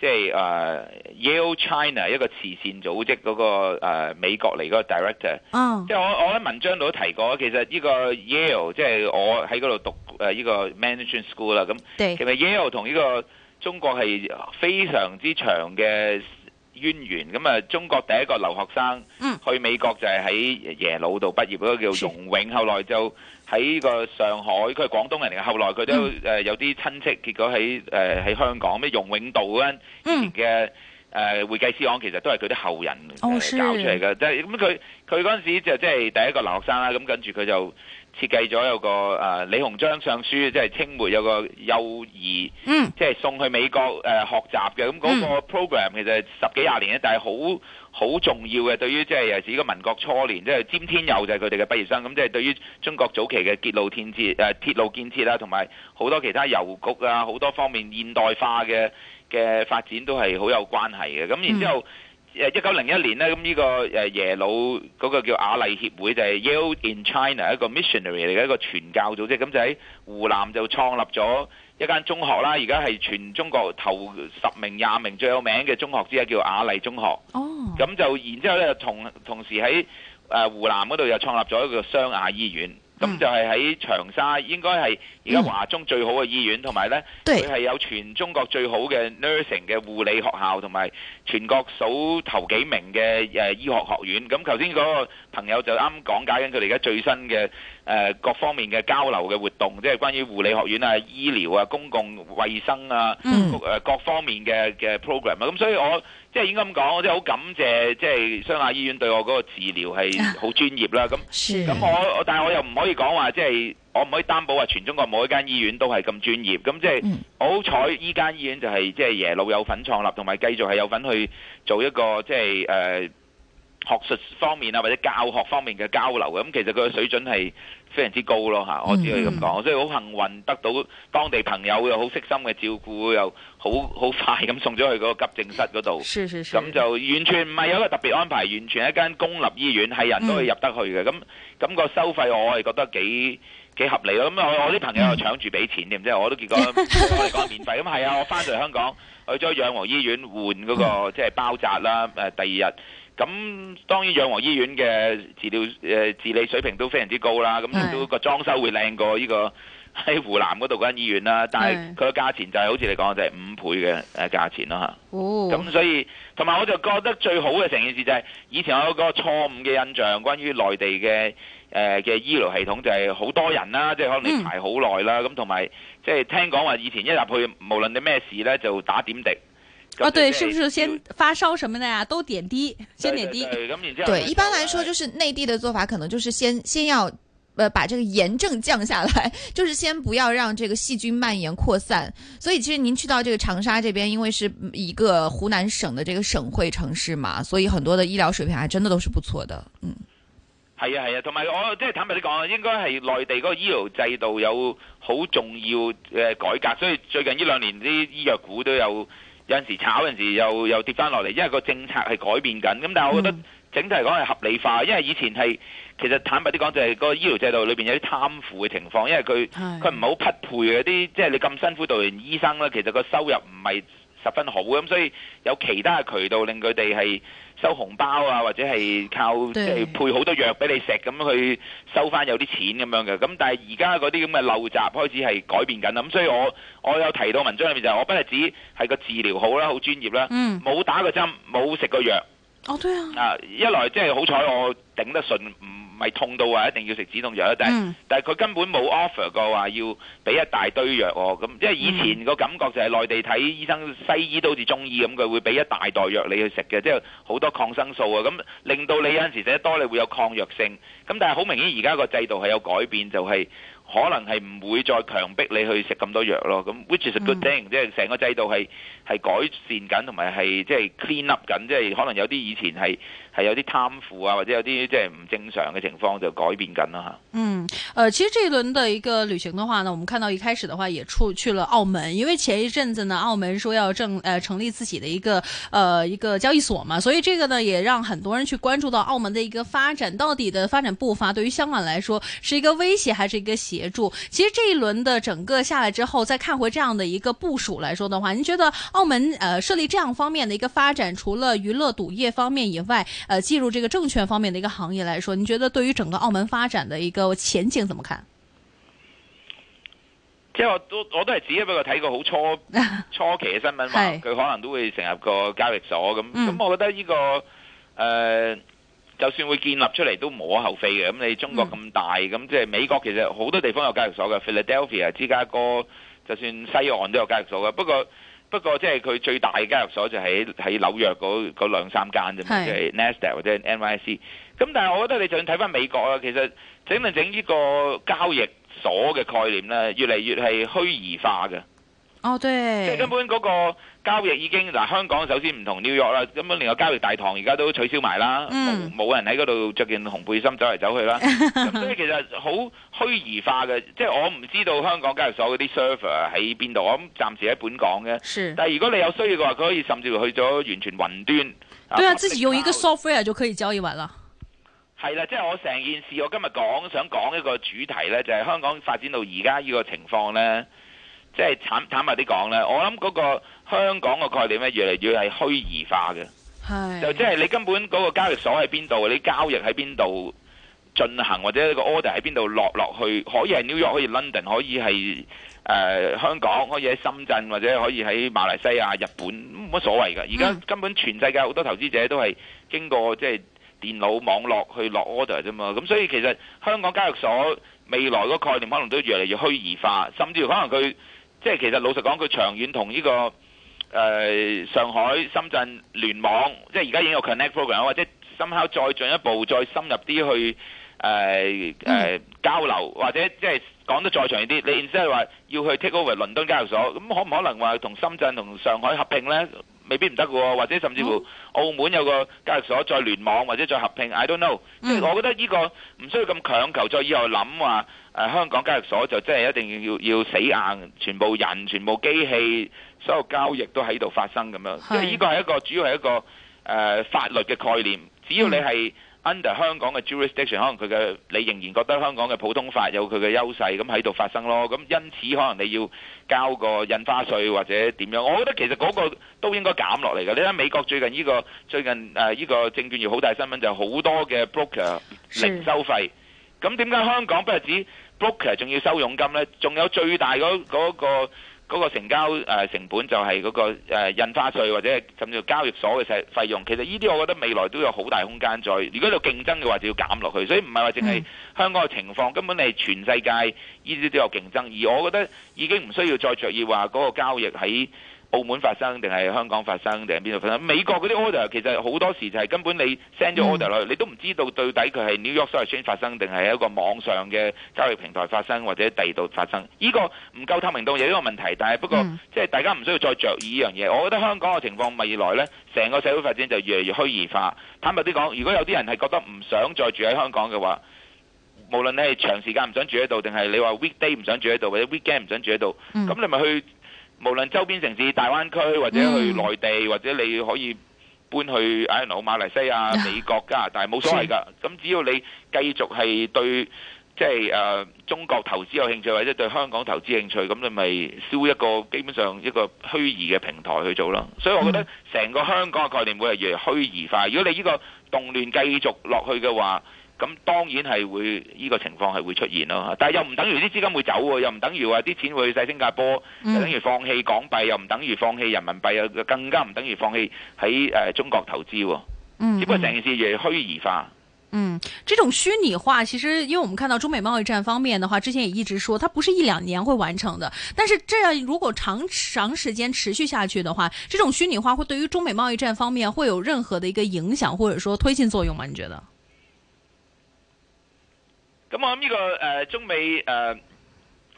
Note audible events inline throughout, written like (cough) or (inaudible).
即係呃 Yale China 一個慈善組織嗰個呃、啊、美國嚟嗰個 director，即、oh。係我我喺文章度都提過，其實呢個 Yale 即係我喺嗰度讀誒呢個 management school 啦，咁其實 Yale 同呢個中國係非常之長嘅。淵源咁啊！中、嗯、國、嗯呃呃嗯呃哦呃、第一個留學生，去美國就係喺耶魯度畢業嗰個叫容永，後來就喺個上海，佢係廣東人嚟。後來佢都誒有啲親戚，結果喺誒喺香港咩容永道啊，以前嘅誒會計師行其實都係佢啲後人嚟搞出嚟嘅。即係咁佢佢嗰陣時就即係第一個留學生啦。咁跟住佢就。設計咗有個誒李鴻章上書，即係清末有個幼兒，即係送去美國誒學習嘅。咁嗰個 program 其實十幾廿年咧，但係好好重要嘅，對於即係自己個民國初年，即係詹天佑就係佢哋嘅畢業生。咁即係對於中國早期嘅鐵路建設誒、鐵路建設啦，同埋好多其他郵局啊、好多方面現代化嘅嘅發展都係好有關係嘅。咁然之後。一九零一年呢，咁呢個誒耶魯嗰個叫雅禮協會就係 Yale in China 一個 missionary 嚟嘅一個傳教組織，咁就喺湖南就創立咗一間中學啦，而家係全中國頭十名廿名最有名嘅中學之一叫雅禮中學。哦，咁就然之後咧，同同時喺湖南嗰度又創立咗一個湘雅醫院。咁就係喺長沙，應該係而家華中最好嘅醫院，同埋呢佢係有全中國最好嘅 Nursing 嘅護理學校，同埋全國數頭幾名嘅誒醫學學院。咁頭先嗰個朋友就啱啱講解緊佢哋而家最新嘅誒各方面嘅交流嘅活動，即係關於護理學院啊、醫療啊、公共衛生啊誒各方面嘅嘅 program 啊。咁所以我即係應該咁講，我即係好感謝，即係湘雅醫院對我嗰個治療係好專業啦。咁，啊，咁我，我，但係我又唔可以講話，即係我唔可以擔保話全中國每一間醫院都係咁專業。咁即係好彩，依，嗯，間醫院就係即係耶魯有份創立，同埋繼續係有份去做一個即係誒。就是呃學術方面啊，或者教學方面嘅交流，咁其實佢嘅水準係非常之高咯吓，我只可以咁講，嗯，所以好幸運得到當地朋友又好悉心嘅照顧，又好好快咁送咗去嗰個急症室嗰度。咁就完全唔係有一個特別安排，嗯、完全一間公立醫院係人都可以入得去嘅。咁、嗯、咁、咁個收費我係覺得幾幾合理咯。咁我我啲朋友又搶住俾錢添，即、嗯、係我都結果我嚟講免費。咁係啊，我翻到嚟香港。去咗養和醫院換嗰個即係包紮啦，誒、嗯、第二日，咁當然養和醫院嘅治療誒、呃、治理水平都非常之高啦，咁亦都個裝修會靚過呢個喺湖南嗰度嗰間醫院啦，但係佢個價錢就係、是、好似你講就係五倍嘅誒價錢咯吓，咁、哦、所以同埋我就覺得最好嘅成件事就係以前我有個錯誤嘅印象關於內地嘅。誒、呃、嘅醫療系統就係好多人啦，即係可能你排好耐啦，咁同埋即係聽講話以前一入去，無論你咩事呢，就打點滴。啊，對，是不是先發燒什麼的呀、啊？都點滴，先點滴。對，對，對，咁然後。對，一般來說就是內地的做法，可能就是先先要，呃，把這個炎症降下來，就是先不要讓這個細菌蔓延擴散。所以其實您去到這個長沙這邊，因為是一個湖南省的這個省會城市嘛，所以很多的醫療水平還真的都是不錯的。嗯。係啊係啊，同埋我即係坦白啲講，應該係內地嗰個醫療制度有好重要嘅改革，所以最近呢兩年啲醫藥股都有有陣時炒，有陣時，時又又跌翻落嚟，因為個政策係改變緊。咁但係我覺得整體嚟講係合理化，因為以前係其實坦白啲講就係個醫療制度裏面有啲貪腐嘅情況，因為佢佢唔係好匹配嗰啲，即係、就是、你咁辛苦讀完醫生咧，其實個收入唔係十分好咁，所以有其他嘅渠道令佢哋係。收紅包啊，或者係靠即係配好多藥俾你食咁去收翻有啲錢咁樣嘅。咁但係而家嗰啲咁嘅陋習開始係改變緊啦。咁所以我我有提到文章裏面就係我不係指係個治療好啦，好專業啦，冇、嗯、打個針，冇食個藥。哦，對啊。啊，一來即係好彩，我頂得順唔？咪痛到話一定要食止痛藥，但係、mm。但係佢根本冇 offer 過話要俾一大堆藥喎，咁即係以前個感覺就係內地睇醫生西醫都好似中醫咁，佢會俾一大袋藥你去食嘅，即係好多抗生素啊，咁令到你有陣時食得多你會有抗藥性。咁但係好明顯而家個制度係有改變，就係、是、可能係唔會再強迫你去食咁多藥咯。咁 which is a good thing，即係成個制度係改善緊同埋係即係 clean up 緊，即、就、係、是、可能有啲以前係。係有啲貪腐啊，或者有啲即係唔正常嘅情況，就改變緊啦，吓。嗯、呃，其實這一輪的一個旅行的話呢，我們看到一開始的話也出去了澳門，因為前一陣子呢，澳門說要正、呃、成立自己的一個呃一個交易所嘛，所以這個呢，也讓很多人去關注到澳門的一個發展，到底的發展步伐對於香港來說是一個威脅還是一個協助？其實這一輪的整個下來之後，再看回這樣的一個部署來說的話，你覺得澳門呃設立這樣方面的一個發展，除了娛樂賭業方面以外？誒、呃，進入這個證券方面的一個行業來說，你覺得對於整個澳門發展的一個前景怎麼看？即係我都我都係只不過睇過好初初期嘅新聞話，佢 (laughs) 可能都會成立個交易所咁，咁我覺得呢、這個誒、呃，就算會建立出嚟都無可厚非嘅。咁你中國咁大，咁 (laughs) 即係美國其實好多地方有交易所嘅，Philadelphia、 (laughs) 芝加哥，就算西岸都有交易所嘅。不過，不過，即係佢最大嘅交易所就喺喺紐約嗰兩三間啫，就係 Nasdaq 或者 NYC。咁但係我覺得你就算睇翻美國啊，其實整唔整呢個交易所嘅概念咧，越嚟越係虛擬化嘅。Oh, 對，即係根本嗰個交易已經嗱，香港首先唔同紐約啦，York, 根本連個交易大堂而家都取消埋啦，冇、嗯、人喺嗰度着件紅背心走嚟走去啦。咁所以其實好虛擬化嘅，即係我唔知道香港交易所嗰啲 server 喺邊度，我諗暫時喺本港嘅。但係如果你有需要嘅話，佢可以甚至去咗完全雲端。對啊，啊自己用一個 software 就可以交易完啦。係、嗯、啦、啊，即係我成件事，我今日講想講一個主題呢，就係、是、香港發展到而家呢個情況呢。即係坦坦白啲講呢，我諗嗰個香港個概念呢，越嚟越係虛擬化嘅。係就即係你根本嗰個交易所喺邊度，你交易喺邊度進行，或者個 order 喺邊度落落去，可以係 New York，可以係 London，可以係、呃、香港，可以喺深圳，或者可以喺馬來西亞、日本，冇乜所謂㗎。而家根本全世界好多投資者都係經過即係電腦網絡去落 order 啫嘛。咁所以其實香港交易所未來個概念可能都越嚟越虛擬化，甚至乎可能佢。即係其實老實講，佢長遠同呢、這個誒、呃、上海、深圳聯網，即係而家已經有 connect program，或者深口再進一步、再深入啲去誒、呃呃、交流，或者即係講得再長遠啲，你甚至係話要去 take over 倫敦交易所，咁可唔可能話同深圳同上海合併呢？未必唔得嘅喎，或者甚至乎澳門有個交易所再聯網或者再合併，I don't know。即係我覺得呢個唔需要咁強求，再以後諗話誒香港交易所就真係一定要要死硬，全部人、全部機器所有交易都喺度發生咁樣。即係呢個係一個主要係一個誒法律嘅概念，只要你係。under 香港嘅 jurisdiction，可能佢嘅你仍然覺得香港嘅普通法有佢嘅優勢，咁喺度發生咯。咁因此可能你要交個印花稅或者點樣？我覺得其實嗰個都應該減落嚟嘅。你睇美國最近呢個最近誒呢個證券業好大新聞，就係好多嘅 broker 零收費。咁點解香港不係指 broker 仲要收佣金咧？仲有最大嗰嗰個。嗰個成交誒成本就係嗰個印花稅或者甚至交易所嘅費用，其實呢啲我覺得未來都有好大空間在，如果有競爭嘅話就要減落去，所以唔係話淨係香港嘅情況，根本係全世界呢啲都有競爭，而我覺得已經唔需要再着意話嗰個交易喺澳門發生定係香港發生定係邊度發生？美國嗰啲 order 其實好多時就係根本你 send 咗 order 落去，你都唔知道到底佢係紐約所謂 Exchange 發生定係一個網上嘅交易平台發生或者第二度發生。呢、呢個唔夠透明度，有呢個問題，但係不過即係、mm. 大家唔需要再着意呢樣嘢。我覺得香港嘅情況未來呢，成個社會發展就越嚟越虛擬化。坦白啲講，如果有啲人係覺得唔想再住喺香港嘅話，無論你係長時間唔想住喺度，定係你話 weekday 唔想住喺度，或者 weekend 唔想住喺度，咁、mm. 你咪去。無論周邊城市、大灣區，或者去內地，或者你可以搬去 I don't know，馬來西亞、美國、加拿大，冇所謂㗎。咁只要你繼續係對即係誒中國投資有興趣，或者對香港投資興趣，咁你咪燒一個基本上一個虛擬嘅平台去做咯。所以我覺得成個香港嘅概念會係越嚟越虛擬化。如果你呢個動亂繼續落去嘅話，咁當然係會呢個情況係會出現咯，但係又唔等於啲資金會走喎，又唔等於話啲錢會曬新加坡、嗯，又等於放棄港幣，又唔等於放棄人民幣，又更加唔等於放棄喺誒、呃、中國投資。嗯，只不過成件事嘢虛擬化。嗯，這種虛擬化其實，因為我們看到中美貿易戰方面的話，之前也一直說，它不是一兩年會完成的。但是，這樣如果長長時間持續下去的話，這種虛擬化會對於中美貿易戰方面會有任何的一個影響，或者說推進作用嗎？你覺得？咁我諗呢、這個誒、呃，中美誒、呃，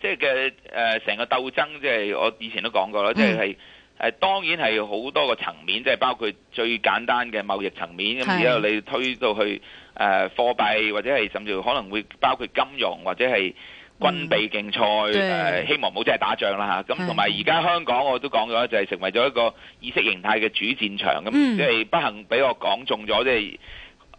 即係嘅誒，成、呃、個鬥爭，即、就、係、是、我以前都講過啦，即係誒，當然係好多個層面，即、就、係、是、包括最簡單嘅貿易層面，咁之後你推到去誒貨幣，或者係甚至可能會包括金融，或者係軍備競賽誒，希望唔好真係打仗啦吓，咁同埋而家香港我都講咗，就係成為咗一個意識形態嘅主戰場，咁即係不幸俾我講中咗，即係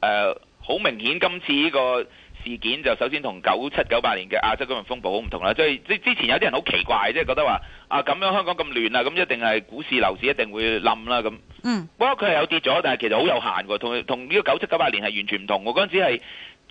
誒，好、呃、明顯今次呢、這個。事件就首先同九七九八年嘅亞洲金融風暴好唔同啦，即係即之前有啲人好奇怪，即係覺得話啊咁樣香港咁亂啊，咁一定係股市樓市一定會冧啦咁。嗯，不過佢係有跌咗，但係其實好有限喎，同同呢個九七九八年係完全唔同喎，嗰陣時係。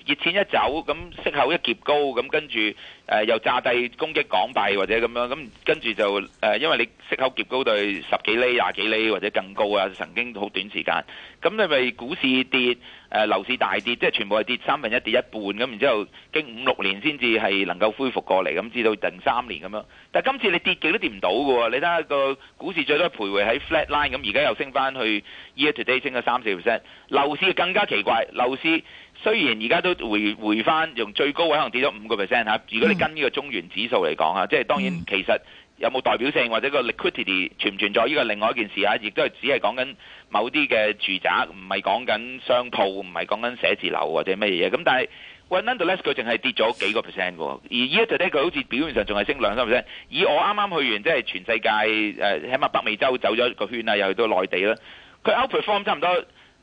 熱錢一走，咁息口一劫高，咁跟住誒又炸低攻擊港幣或者咁樣，咁跟住就誒，因為你息口劫高到十幾厘、廿幾厘或者更高啊，曾經好短時間。咁你咪股市跌，誒樓市大跌，即係全部係跌三分一、跌一半咁，然之後經五六年先至係能夠恢復過嚟，咁至到近三年咁樣。但係今次你跌極都跌唔到嘅喎，你睇下個股市最多係徘徊喺 flat line，咁而家又升翻去，year to date 升咗三四 percent，樓市更加奇怪，樓市。雖然而家都回回翻，用最高位可能跌咗五個 percent 嚇。如果你跟呢個中原指數嚟講啊，mm. 即係當然其實有冇代表性或者個 liquidity 存唔存在，呢個另外一件事嚇。亦、啊、都係只係講緊某啲嘅住宅，唔係講緊商鋪，唔係講緊寫字樓或者乜嘢。咁但係 nonetheless 佢淨係跌咗幾個 percent 喎，而 year-to-date 咧佢好似表面上仲係升兩三個 percent。以我啱啱去完，即係全世界誒、啊，起碼北美洲走咗個圈啊，又去到內地啦，佢 outperform 差唔多。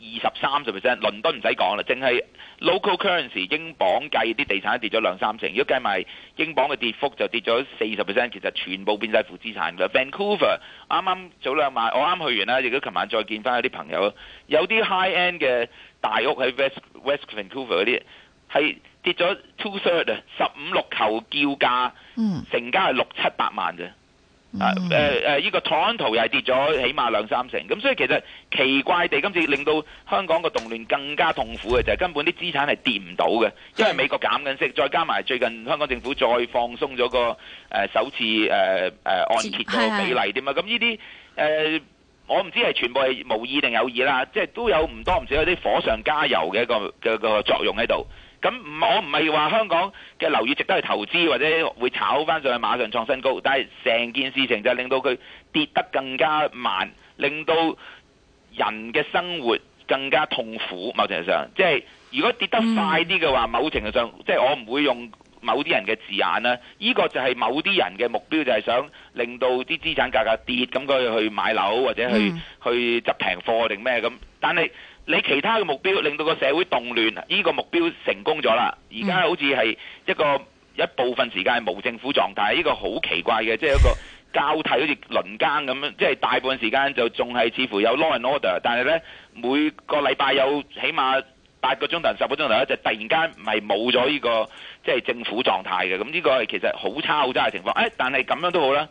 二十三十 percent，倫敦唔使講啦，淨係 local currency 英鎊計啲地產跌咗兩三成，如果計埋英鎊嘅跌幅就跌咗四十 percent，其實全部變晒負資產㗎。Vancouver 啱啱早兩晚我啱去完啦，亦都琴晚再見翻有啲朋友，有啲 high end 嘅大屋喺 West West Vancouver 嗰啲係跌咗 two third 啊，十五六球叫價，嗯，成交係六七百萬啫。Mm-hmm. 啊！誒、啊、誒，依、啊這個 Toronto 又係跌咗起碼兩三成，咁所以其實奇怪地，今次令到香港個動亂更加痛苦嘅就係根本啲資產係跌唔到嘅，因為美國減緊息，再加埋最近香港政府再放鬆咗個誒、啊、首次誒誒按揭個比例點啊？咁呢啲誒，我唔知係全部係無意定有意啦，即、就、係、是、都有唔多唔少有啲火上加油嘅一個嘅個，個作用喺度。咁唔係我唔係話香港嘅樓宇值得去投資或者會炒翻上去馬上創新高，但係成件事情就係令到佢跌得更加慢，令到人嘅生活更加痛苦。某程度上，即係如果跌得快啲嘅話，某程度上即係我唔會用某啲人嘅字眼啦。呢個就係某啲人嘅目標，就係想令到啲資產價格跌，咁佢去買樓或者去去執平貨定咩咁，但係。你其他嘅目標令到個社會動亂，呢個目標成功咗啦。而家好似係一個一部分時間係無政府狀態，呢個好奇怪嘅，即係一個交替好似輪更咁樣，即係大部分時間就仲係似乎有 law and order，但係呢，每個禮拜有起碼八個鐘頭、十個鐘頭咧，就突然間唔係冇咗呢個即係政府狀態嘅。咁呢個係其實好差好差嘅情況。誒，但係咁樣都好啦。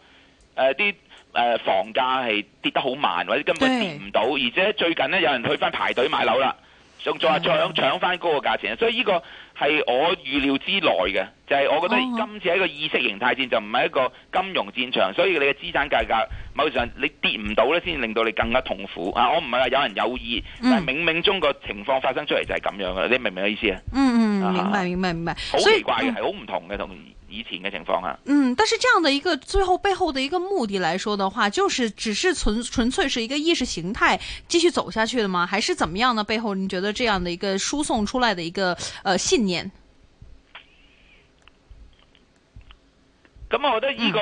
啲。誒、呃，房價係跌得好慢，或者根本跌唔到，而且最近咧有人去翻排隊買樓啦，想再搶搶翻高個價錢，所以呢個係我預料之內嘅，就係、是、我覺得今次係一個意識形態戰，就唔係一個金融戰場，所以你嘅資產價格，某程度上你跌唔到呢，先令到你更加痛苦啊！我唔係話有人有意，嗯、但係冥冥中個情況發生出嚟就係咁樣嘅，你明唔明我意思啊？嗯嗯，唔明，唔係好奇怪嘅，係好唔同嘅同意。以前嘅情況啊，嗯，但是這樣的一個最後背後的一個目的來說的話，就是只是純，純粹是一個意識形態繼續走下去的嗎？還是怎麼樣呢？背後你覺得這樣的一個輸送出來的一個呃信念？咁我覺得呢個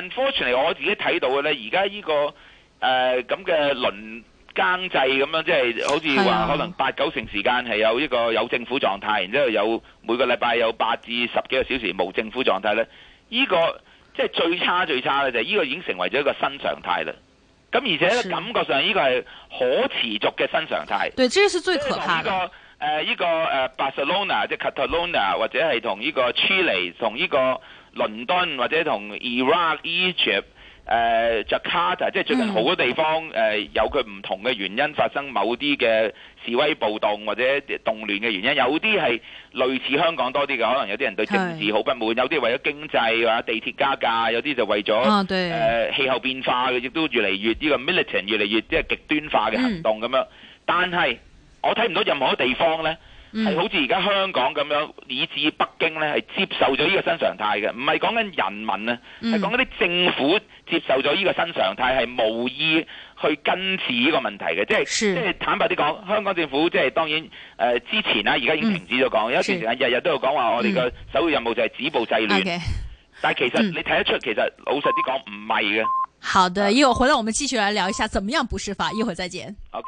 unfortunately 我自己睇到嘅呢，而家呢個誒咁嘅輪。更制咁樣，即係好似話，可能八九成時間係有呢個有政府狀態，然之後有每個禮拜有八至十幾個小時冇政府狀態咧。呢、這個即係最差最差咧，就呢、是、個已經成為咗一個新常態啦。咁、嗯、而且咧，感覺上呢個係可持續嘅新常態。對，這是最可怕的。呢、這個誒，呢、呃這個誒，Barcelona 即 Catalonia，或者係同呢個 Chile，同呢個倫敦或者同 Iraq Egypt。誒，就卡就即係最近好多地方誒、嗯呃、有佢唔同嘅原因發生某啲嘅示威暴動或者動亂嘅原因，有啲係類似香港多啲嘅，可能有啲人對政治好不滿，有啲為咗經濟或者地鐵加價，有啲就為咗誒氣候變化，亦都越嚟越呢、這個 militant 越嚟越即係、就是、極端化嘅行動咁樣。嗯、但係我睇唔到任何地方咧。係好似而家香港咁樣，以至北京呢係接受咗呢個新常態嘅，唔係講緊人民啊，係講嗰啲政府接受咗呢個新常態，係、嗯、無意去根治呢個問題嘅、就是，即係即係坦白啲講，香港政府即係當然誒之前啊而家已經停止咗講，有、嗯、一段時間日日都有講話，我哋嘅首要任務就係止暴制亂，okay, 但係其實你睇得出、嗯，其實老實啲講唔係嘅。好的，一、啊、會回來我們繼續來聊一下怎麼樣不施法，一會再見。OK。